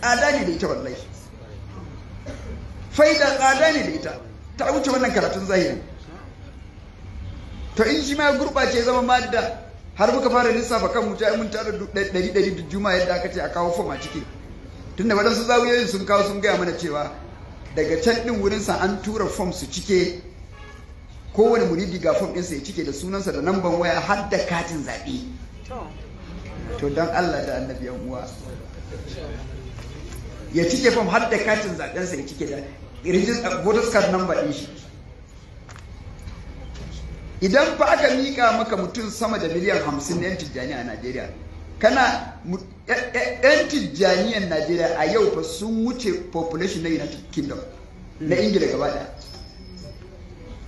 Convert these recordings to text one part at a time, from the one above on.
tsada ne da ita wallahi faida tsada ne da ita ta wuce wannan karatun zahiri to in shi ma ya gurɓace zama madda har muka fara lissafa kan wuce mun tara ɗari ɗari da juma yadda aka ce a kawo fama cike. tunda waɗansu zawiyoyin sun kawo sun gaya mana cewa daga can ɗin sa an tura fom su cike kowane muridi ga fom ɗinsa ya cike da sunansa da namban waya har da katin zaɓe to don allah da annabi uwa ya cike fam har da katin zaɓensa ya cike da uh, voters card number ɗin shi idan ba aka miƙa maka mutum sama da miliyan hamsin na 'yan tijjani a najeriya kana 'yan tijjaniyan najeriya a yau fa sun wuce population na united kingdom na hmm. ingila gaba da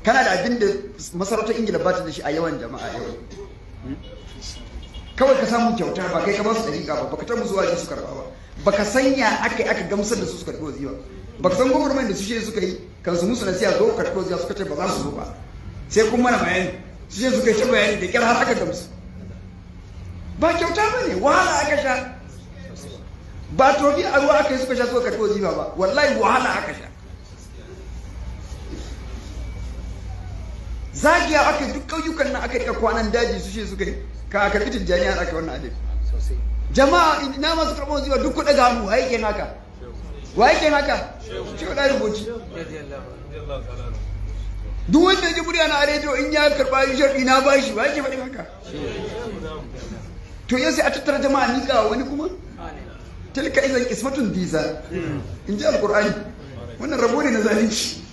kana da abin da masarautar ingila ba ta da shi a yawan jama'a yau hmm? kawai ka samu kyauta ba kai ka ba su dariƙa ba baka tabu zuwa ji su karɓa ba baka sanya aka aka gamsar da su su karɓi ba baka san gwamnatin da su shi suka yi kan su musu nasiya zo karɓi wazifa suka ce ba za su zo ba sai kun mana bayani su ce suka yi ta bayani da kyar har aka gamsu ba kyauta ba ne wahala aka sha ba tofi a ruwa aka yi suka sha suka karɓi wazifa ba wallahi wahala aka sha zagiya aka duk ƙauyukan nan aka yi kwanan daji su ce suka yi ka karɓi tijjaniya aka wannan abin jama'a ina masu karɓar wanzuwa duk kuɗa ga hannu waye ke naka waye ke naka shehu da boci duk wanda ji murya na arejo in ya karɓa sharɗi na ba shi waye ke faɗin haka to yau sai a tattara jama'a ni ga wani kuma tilka izan ismatun diza hmm. in ji alƙur'ani wannan rabo ne na zalunci